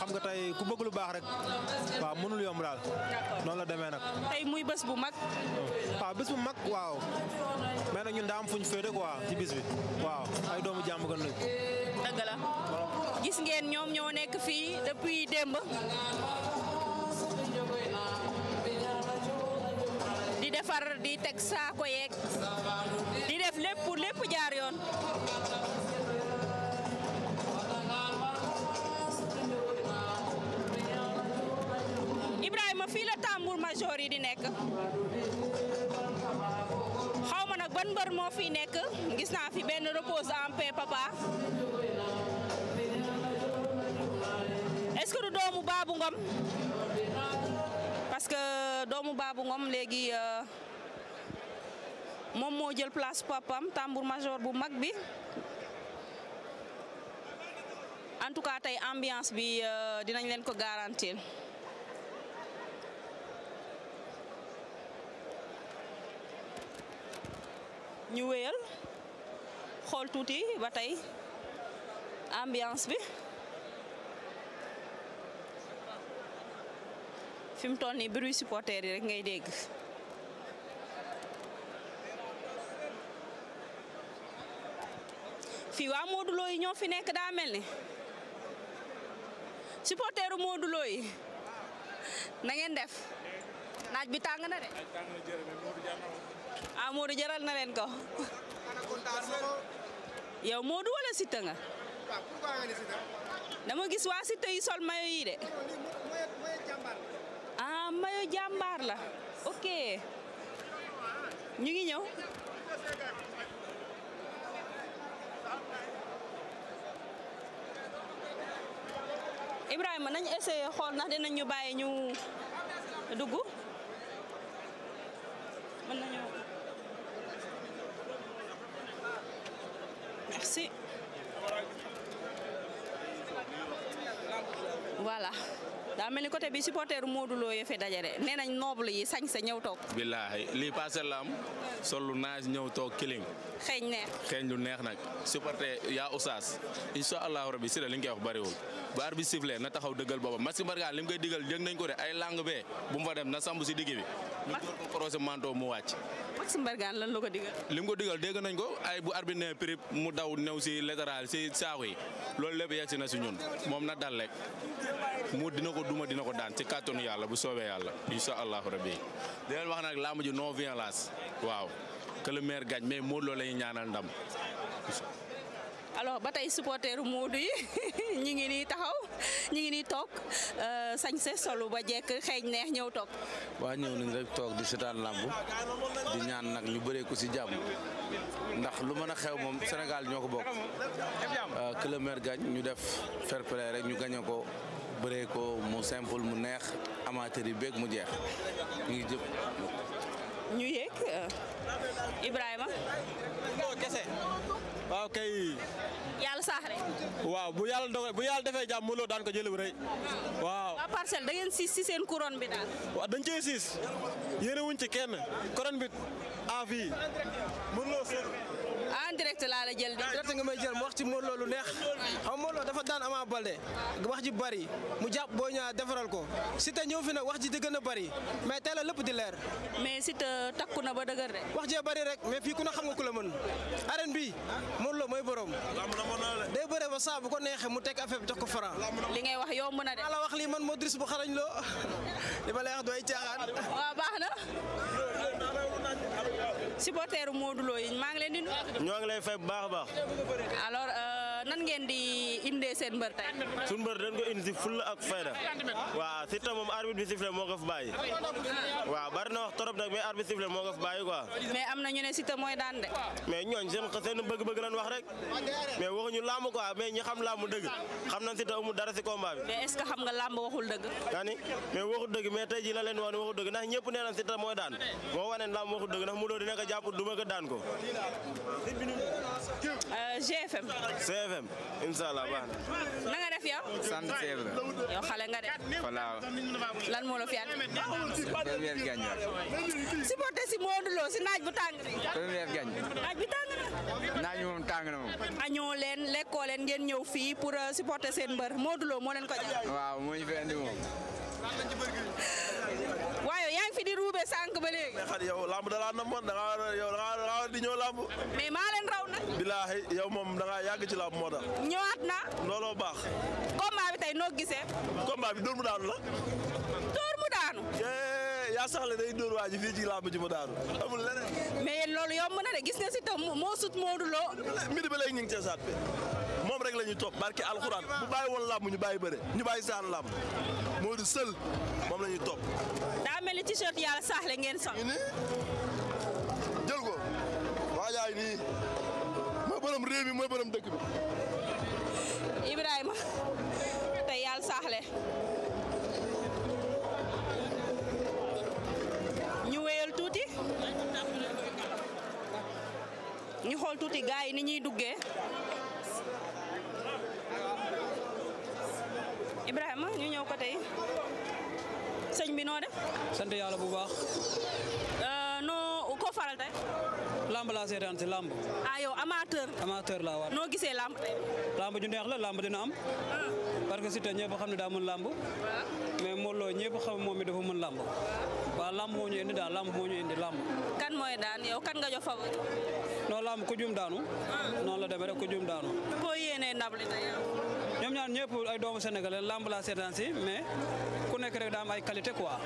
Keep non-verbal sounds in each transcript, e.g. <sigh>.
xam nga tey ku bëgg lu baax rek waaw mënul yomb daal noonu la demee nag tey muy bés bu mag waaw bés bu mag waaw mais nag ñun daa am fuñ féete quoi ci bis bi waaw ay doomu jàmm gën lañ dëgg la gis ngeen ñoom ñoo nekk fii depuis démb di defar di teg saako yeeg di def lépp lépp jaar yoon door yi di nek xawma nak ban bar mo fi nek gis na fi ben repose en paix papa est-ce que du doomu babu Ngom parce que doomu babu Ngom legui euh, mom mo jël place papam tambour major bu mag bi en tout cas tay ambiance bi euh, dinañ len ko garantir ñu wëyal xol tuti batay ambiance bi fim mu bruit supporter yi rek ngay dégg fi wa Modou Lo yi ñoo fi nekk da melni supporteru Modou na ngeen def naaj bi tang na de ah jaral na len ko. yow Modou wala sita nga. dama gis wa sita yi sol mayo yi de. ah mayo jambar la ok ñu ngi ñew Ibrahima nañ essayé eh, xol nak dinañ ñu bayé ñu dugg. melni côté bi supporter Modou Lo ya dajare nenañ noble yi sañ sa ñew tok billahi li passé lam solo naaj ñew tok kiling. xeyñ neex xeyñ lu neex nak supporter ya Oustaz incha allahu rabi si li nga wax bariwul. bar bi sifle na taxaw deugal bobu Maxime barga lim ngay digal jeug nañ ko re ay langue be bu mu fa dem na sambu si digge bi. ñu door ko croisé manteau mu wacc Maxime barga lan lako digal. lim ko digal dégg nañ ko ay bu arbitre prip mu daw new ci lateral ci saako lolou lepp yacc na ci ñun mom na dal rek mu dina ko duma dina ko daan ci kàttanu yalla bu soobee yalla insha allah rabbi di leen wax nak lamb ju non violence waaw ke le maire gagne mais Modou Lo la ñaanal ndam. alors batay tey supporter Modou yi <laughs> ñi ngi ni taxaw ñi ngi ni nii euh, sañ se solo ba jek xej neex ñew tok wa ñew ni rek tok di setan lamb di ñaan nak ñu bëre ko ci jamm ndax lu mëna xew mom senegal ñoko bok euh ke le maire gagne ñu def fair play rek ñu gagne ko. bëree ko mu simple mu neex amateur yi beeg mu jeex ñu ngi jëpp. ñu yéeg euh, Ibrahima. non kese. waaw kay. yàlla saaxle. waaw bu yàlla dogalee bu yàlla defee jàmm mënuloo daan ko jëlee bu rëy. waaw waa parcelle da ngeen siis si seen couronne bi daal. waaw dañ cee siis yéene ci kenn couronne bi à vie mënuloo direct laa la jël de. direct nga may jël mu wax ci Modou lu neex xam Modou dafa daan Ama Baldé wax ji bari mu jàpp Boy Niang defaral ko Siteu ñëw fi nag wax ji di gën a bari mais teel a lépp di leer. mais Siteu takku na ba dëgër de. wax jee bari rek mais fii ku na xam nga ku la mën arène bi Modou Lo mooy borom. day bëre ba saa bu ko neexee mu teg affaire bi jox ko Franc. li ngay wax yomb na de. la wax li man Modou Driss bu xarañ loo li ma lay wax doy caaxaan. waaw baax na. supporteru modulo yi maa ngi leen di nuyu. ñoo ngi lay fay bu baax baax. alors. Euh, nan ngeen di indee seen mbër tey. suñu mbër dañ ko indi si fulla ak fayda waaw surtout moom arbitre bi sifflé moo ko fi bàyyi waaw bari na wax trop nag mais arbitre sifflé moo ko fi bàyyi quoi. mais am na ñu ne Siteu mooy daan de. mais ñooñ seen seen bëgg-bëgg lan wax rek mais waxuñu làmb quoi mais ñi xam làmb dëgg xam nañ Nah amul dara si combat bi. mais est-ce que xam nga làmb waxul dëgg. yaa mais mais la leen ndax daan ndax mu duma ko daan ko. Euh, GFM. GFM incha allah baax na. nga def yow. sant CFM. yow xale nga de. lan moo la fi ànd. première gagne la. supporter si Modou si naaj bu tàng bi. première gagne. naaj bi tàng na. naaj moom tàng na moom. añoo leen lekkoo leen ngeen ñëw fii pour euh, supporter seen mbër Modou Lo moo leen ko jox. waaw moo ñu fi moom. waaye di ruube sànq ba léegi. mais xar yow lamb da laa namoon da ngaa war yow da ngaa war lamb. mais maa leen raw bilaahi yow moom da ngaa yàgg ci lamb moo tax. ñëwaat na. looloo baax. combat bi tey noo gisee. combat bi dóor mu daanu la. dóor mu daanu. yaa saxle day dóor waa fii ci lamb ji mu daanu amul leneen. mais loolu yomb na de gis nga si tam moo sut Modou Lo. midi ba léegi moom rek la ñuy topp barki alxuraan bu bàyyi woon làmb ñu bàyyi bëre ñu bàyyi saan làmb moo di sël moom la ñuy topp. daa mel t-shirt yàlla saaxle ngeen sax. jël ko waa jaay nii mooy borom réew mi mooy borom dëkk bi. Ibrahima tey yàlla saaxle. ñu wéyal tuuti ñu xool tuuti gaay yi ni ñuy duggee. Ibrahima ñu ñëw côté yi señ bi no def sante yalla bu baax euh, noo koo faral tay lamb la sétan ci lamb ah yow amateur amateur la war no gisé lamb lamb ju neex la lamb dina am ah. parce que Siteu ñëpp xam ne daa mën lamb ah. mais mo Lo ñepp xam momi dafa mën lamb ba ah. lamb mo ñu indi da lamb mo ñu indi lamb kan moy daan yow kan nga jox fa No lamb ku jum daanu non la démé rek ku jum daanu ko yéné nabli tay ñaar ñëpp ay doomu sénégalais lamb laa seetaan mais ku nekk rek daa am ay qualité quoi.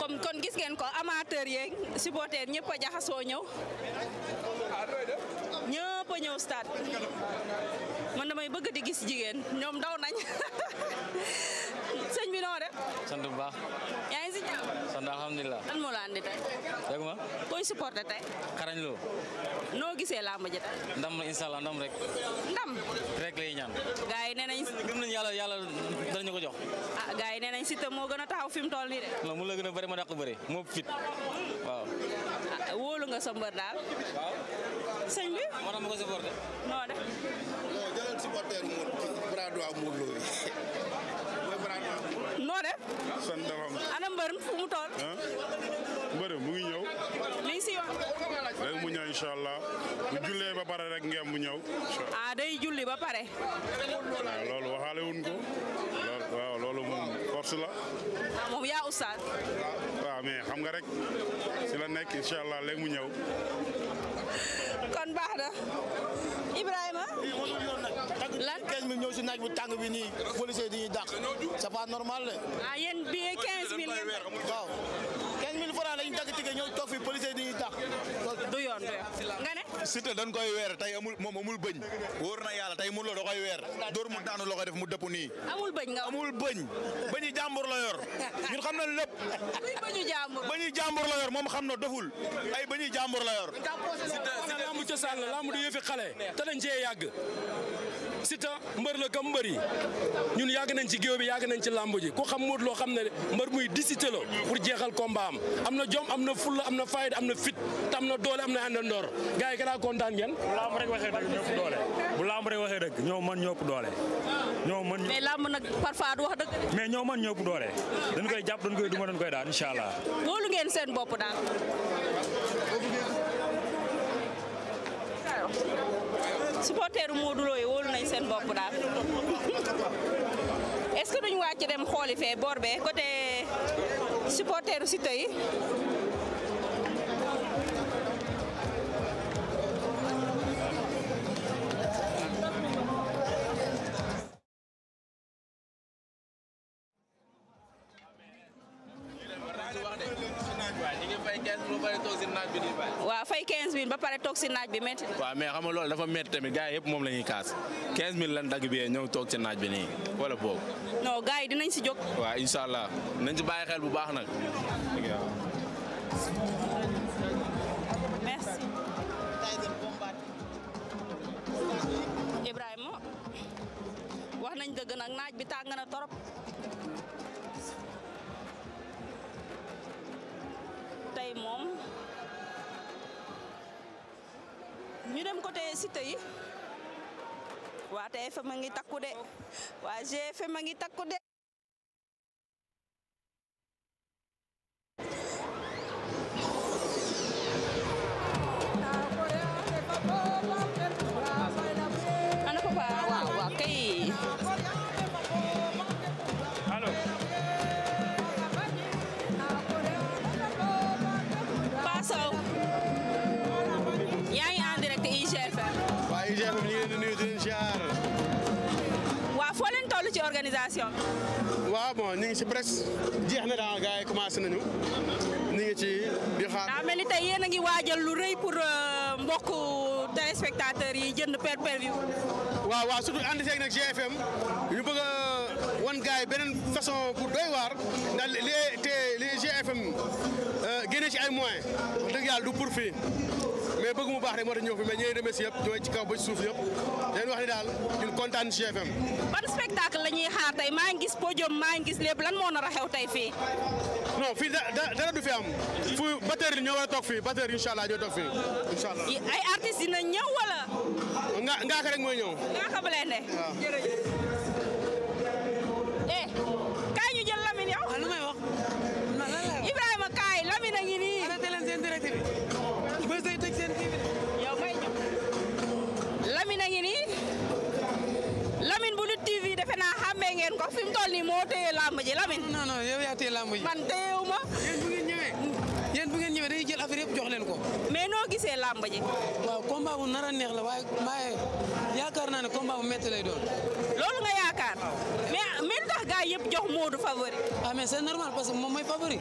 comme kon gis ngeen ko amateur yeeg supporter ñëpp a ñëw. ñëpp ñëw stade man damay bëgg di gis daw nañ <laughs> bi sant bu baax. sant la andi koy supporter xarañ no gisee la ma tam ndam inshallah ndam rek. ndam rek lay ñaan. gaay yi nee gëm nañ yalla yàlla danañu ko jox. ah gaay yi ci te mo gëna taxaw fim toll ni rek mo la gëna bari ma dàq bari mo fit waaw. Ah, wolu nga sombar dal waaw. señ bi. mo ram ma ko supporté. non de. non jëlal supporter mu bra do am loo yi. mooy bras droit. noo de. sant dafa am. ana fu mu toll. incha allah bu jullee ba pare rek ngeen mu ñëw. ah day julli ba pare. waaw loolu waxaale wuñ ko loolu waaw loolu moom force la. ah moom yaa waaw mais xam nga rek si la nekk incha allah léegi mu ñëw. kon baax Ibrahima. lan 15 000 ñëw si naaj bu tàng bi nii policiers di ñuy dàq c'est pas normal de. ah yéen billet 15 000 waaw 15 000 francs lañu dagg tigge ñëw toog fi policiers di ñuy dàq. Siteu dañ koy weer tey amul moom amul bëñ wóor na yàlla tey mënuloo da koy weer dóor mu daanu loo koy def mu dëpp nii. amul bëñ nga amul bëñ bëñu jàmbur la yor ñun xam na lépp. bëñu jàmbur la yor moom xam na doful ay bëñu jàmbur la yor. cosaan la lamb du yëfi xale te dañ cee yàgg Siteu mbër la gam mbër yi ñun yàgg nañ ci géew bi yàgg nañ ci lamb ji ku xam Modou Lo xam ne mbër muy disité la pour jeexal combat am am na jom am na fulla am na fayda am na fit te am na doole am na àndandoor gars yi gannaaw kontaan ngeen. bu lamb rek waxee dëgg ñoo ëpp doole bu lamb rek ñoo mën ñoo ëpp doole. ñoo mën mais lamb nag parfois du wax dëgg. mais ñoo mën ñoo ëpp doole dañ koy jàpp dañ koy duma dañ koy daal incha allah. wóolu ngeen seen bopp daal. supporteru Modou Lo yi wóolu nañ seen bopp daal est-ce que duñ wàcc dem xooli fee boor bee côté supporteru si yi ba pare toog si naaj bi métti na. waaw mais xam nga loolu dafa métti tamit gars yi moom la ñuy kaas 15000 lan dagg bi ñëw toog si naaj bi nii wala boobu. non gars yi dinañ si jóg. waaw incha allah nañ si baay xel bu baax nag. Siteu yi waa TFM a ngi takku de waa ngi takku de mobilisation bi. waaw bon ñu ngi si presque jeex na daal commencé nañu ñu ngi xaar. daa mel ni ngi waajal lu rëy pour euh, mbokk téléspectateurs yi jënd per per view. waaw waaw surtout ànd seeg nag GFM ñu bëgg a wan gars beneen façon pour doy waar ndax li te GFM euh, génne ci ay moyens wax dëgg du pour fii. bëgg mu baax rek moo tax ñëw fi mais ñooy remercier yëpp ñooy ci kaw ba ci suuf yëpp leen wax ni daal ñun kontaan ci GFM ban spectacle la ñuy xaar tey maa ngi gis podium maa ngi gis lépp lan moo nar a tey fii non fii da du fi am fu batteur yi ñoo war a toog fii batteur incha allah ñoo toog fii incha allah ay artistes dina ñëw wala ngaaka rek mooy ñëw ko fi mu toll nii moo téye làmb ji Lamine. non non yow yaa téye làmb ji. man téyewu ma. yéen bu ngeen ñëwee. yéen bu jël affaire yëpp jox leen ko. mais noo gise làmb ji. waaw combat bu nar a neex la waaye maaye yaakaar naa ne combat bu métti lay doon. loolu nga yaakaar. mais mais tax gaa yëpp jox Modou favori. ah mais c'est normal parce moom mooy favori.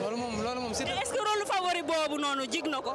loolu moom loolu moom. est-ce que rôle favori boobu noonu jig na ko.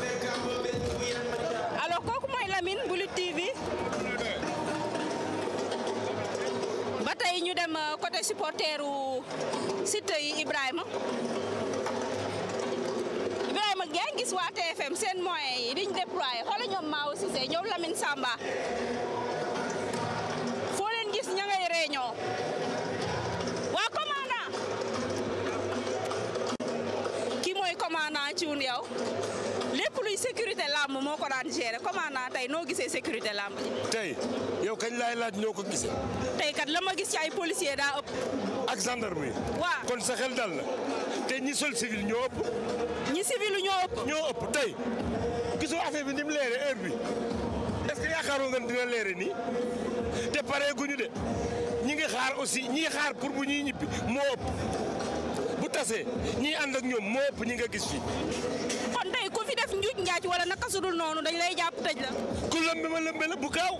ñu dem euh, côté supporteru Siteu yi Ibrahima Ibrahima gaa gis waa TFM seen moyens yi diñ déployé xoola ñoom Mao Cissé ñoom Lamine Samba foo leen gis ña ngay réunion waa commandant kii mooy commandant ci wun yow lépp luy la war gérer commandant tey noo gisee sécurité làmb ji tey yow kañ laay laaj ñoo ko gisee tey kat la ma gis ci ay policier daa ëpp ak gendarme yi kon sa xel na te ñi sol civil ñoo ëpp ñi civil ñoo ëpp ñoo ëpp tey gisoo affaire bi ni mu leere heure bi est-ce que yaakaaroon nga dina leere nii te pare de ñi ngi xaar aussi ñi xaar pour bu ñuy ñibbi moo ëpp bu tase ñi ànd ak ñoom moo ëpp ñi nga gis fii njuuj njaaj wala naka sudul noonu dañ lay jàpp tëj la. ku lëmbe ma lëmbe la bu kaaw.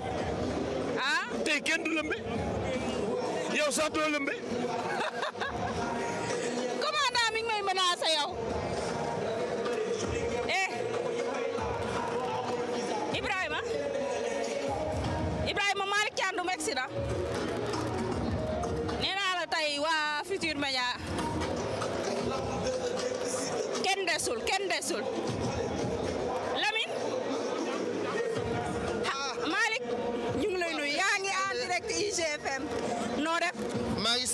Ah? tey kenn du lëmbe yow sax doo lëmbe. <laughs> commandant mi ngi may menacé yow. eh Ibrahima Ibrahima Malick Thiandoum accident nee naa la tey waa Futurs Médias kenn desul kenn desul.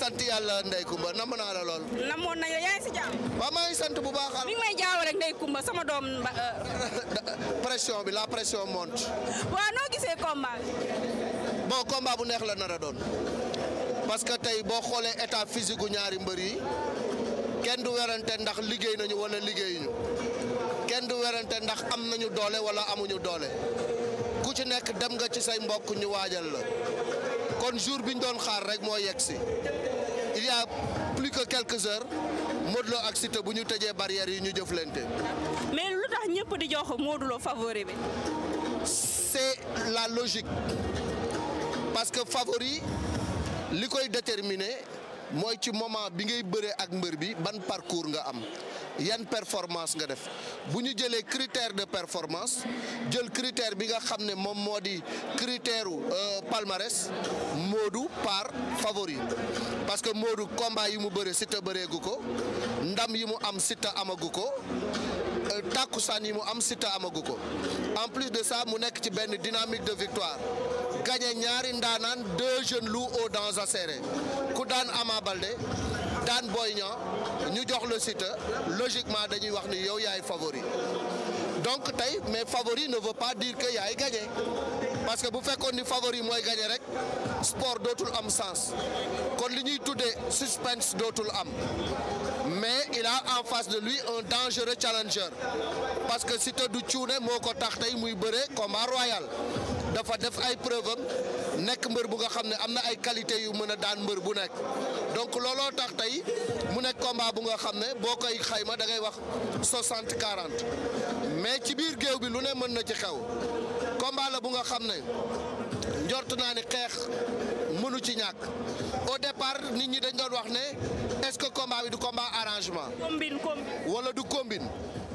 sant yalla Ndeye Kumba nam na la lol nam mo la yaa ya, ngi si jam waaw maa ngi sant bu baax. mi ngi may jaaw rek Ndeye Kumba sama dom eh. <laughs> pression bi la pression monte. wa no gisee combat bo combat bu neex la na a doon parce que tay bo xolé état physique gu ñaari mbeuri kenn du werante ndax liggéey nañu wala ñu kenn du werante ndax am nañu doole wala amuñu doole ku ci nekk dem nga ci say mbokk ñu wajal la kon jour biñ doon xaar rek mo yegg il y a plus que quelques heures Modou Lo ak Siteu bu ñu barrière yi ñu jëflante. mais lutax ñëpp di jox Modou favori bi. c'est la logique parce que favori li koy déterminer moy ci moment bi ngay bëré ak mbër bi ban parcours nga am yan performance nga def buñu jëlé critère de performance jël critère bi nga xamné mom modi critère euh palmarès Modou par favori parce que Modou combat yi mu bëre Siteu bëreegu guko, ndam yi mu am Siteu amagu ko euh, tàkkusaan yi mu am Siteu amagu ko en plus de ça mu nekk ci ben dynamique de victoire gagné ñaari ndanan deux jeunes loups au dents acérées ku daan Ama Baldé Dan Boignan, nous ñu le site, logiquement dañuy wax ni yow favori donc mes mais favori ne veut pas dire que un gagné parce que bu fekkoon ni favori mooy gagné le sport d'autres hommes sens kon li ñuy un suspense d'autres hommes. mais il a en face de lui un dangereux challenger parce que site du cuune moo ko tax tey muy un combat royal dafa def faire preuve preuves nek mbeur bu nga xam ne ay qualité yu mën daan mbeur bu nek donc lolo tax tay mu nek combat bu nga xam ne xayma da ngay wax 60 40 mais ci bir géew bi lu ne mën ci xew combat la bu nga xam ne njort naa ne xeex mënu ci ñak au départ nit ñi dañ doon wax ne est-ce que combat bi du combat arrangement. combine combine wala du combine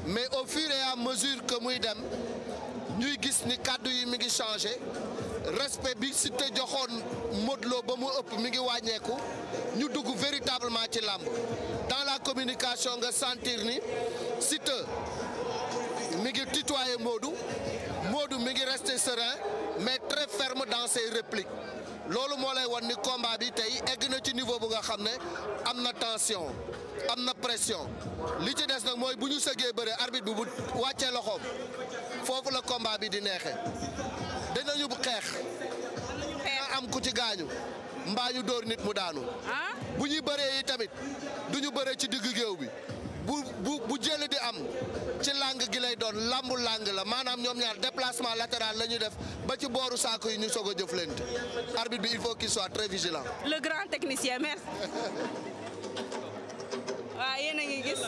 mais au fur et à mesure que muy dem ñuy gis ni kàddu yi mi ngi changer respect bi Siteu joxoon Modou Lo ba mu upp mi ngi wàññeeku ñu dugg véritablement ci lamb dans la communication nga sentir ni Siteu mi ngi tutoyer Modou Modou mi ngi rester serein mais très ferme dans ses répliques lolu mo lay won ni combat bi tay egg na ci niveau bu nga xamné amna tension amna pression li ci dess nak moy buñu ñu sëggee arbitre bi bu wàccee loxom fofu la combat bi di nexé dinañu xeex. am ku ci gaañu. mbaa ñu dóor nit mu daanu. Ah? bu ñuy bëree tamit duñu ñu ci diggu géew bi bu jël bu di am ci làng gi lay doon lambu làng la maanaam ñoom ñaar déplacement latéral la ñuy def ba ci booru saako yi ñu soog a jëflante. arbitre bi il faut qu'il soit très vigilant. le grand technicien merci. <laughs> waaw yéen ngi gis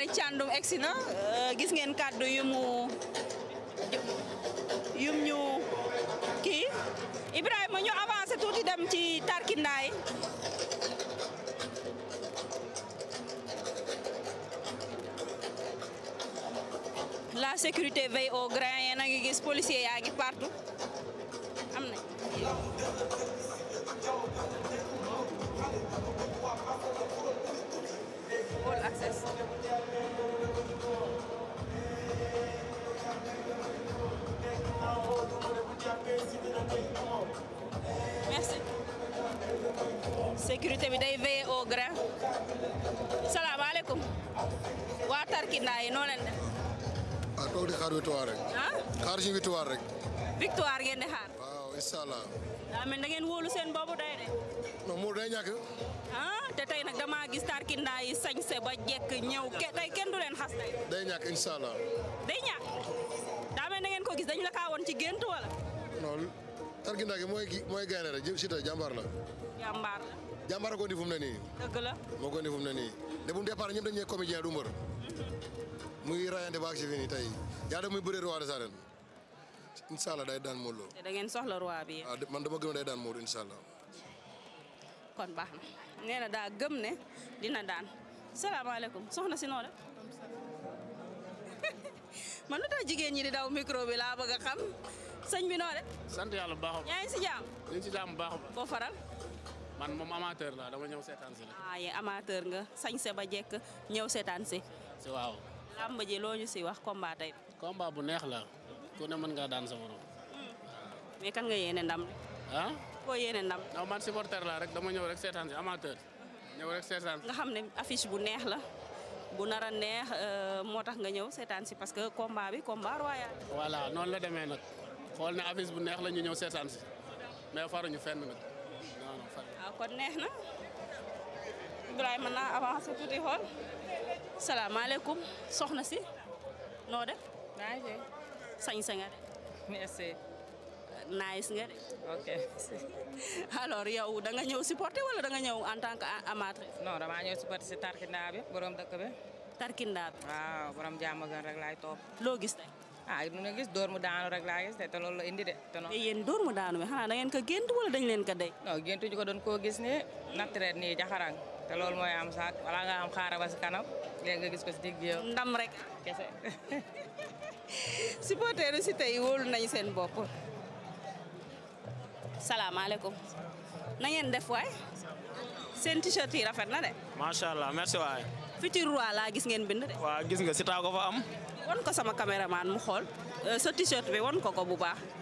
naa ni Thiandoum na gis ngeen kàddu yu mu ñu kii Ibrahima ñu avancé tuuti dem ci la sécurité veille au grain gis policier ya ngi partout all access merci sécurité bi day veiller au grain salaamaaleykum waa Tarkindaa yi noo leen def waaw ah, toog di xaar victoire rek ah? xaar ci victoire rek victoire ngeen di xaar waaw incha allah daa mel da ngeen wóolu seen boobu day de non mu day ñàkk ah te tey nag damaa gis tarkindaa sañse ba jekk ñëw tey kenn du day ñàkk incha day ñàkk daa mel ko gis dañ la kaa ci gént wala. non gi mooy mooy gaynde rek jëm si la. jàmbaar la. jàmbaar ko indi fu mu ne nii. dëgg la moo ko indi fu mu ne nii. de bu mu du mbër. Mm-hmm. muy rayante ba ak si tey yaa muy bëree roi des arènes. day daan Modou te da ngeen soxla roi ah, man dama gëm day daan Modou incha allah. kon baax na. nee daa gëm ne dina daan salaamaaleykum soxna si noo la <laughs> man lu tax jigéen ñi di daw micro laa bëgg a xam sañ bi noo de. sant yàlla bu baax a si jàmm. bu baax a baax. koo faral. man moom amateur la dama ñëw seetaan si la. ah yéen amateur nga sañse ba jekk ñëw seetaan si. si waaw. làmb ji loo ñu si wax combat tey. combat bu neex la. ku ne mën nga daan sa morom. Hmm. mais kan nga yéene ndam. ah. koo yéene ndam. non man supporter laa rek dama ñëw rek seetaan si amateur. ñëw rek seetaan nga xam ne affiche bu neex la bu nar a neex euh, moo tax nga ñëw seetaan si parce que combat bi combat noonu la demee nag xool ne affiche bu neex la ñëw seetaan mais faruñu fenn nag non non ah, kon neex na Ibrahima naa avancé tuuti xool salaamaaleykum soxna si noo def. sañ sañ nga nice nga oke ok alors yow da nga ñew supporter wala da nga ñew en tant que amateur non dama ñew supporter ci tarkinda bi borom dekk bi tarkinda waaw borom jamm gën rek lay top lo gis tay ah ñu nga gis dormu daanu rek laa gis te te loolu la indi de te non yeen iya, dormu daanu bi xanaa da ngeen ko gént wala dañ leen ko dey non géntu ñu ko doon ko gis ni natret ni jaxarang te loolu moy am saak wala nga am xara ba ci kanam léegi nga gis ko ci digg yow ndam rek kese <laughs> supporter ci tay wolu nañ seen bop salaamaaleykum na ngeen def waay seen t-shirt yi rafet na de. macha allah merci waay. futur roi laa gis ngeen bind de. waaw gis nga si taa ko fa am. won ko sama caméraman mu xool euh, sa t-shirt bi won ko ko bu baax.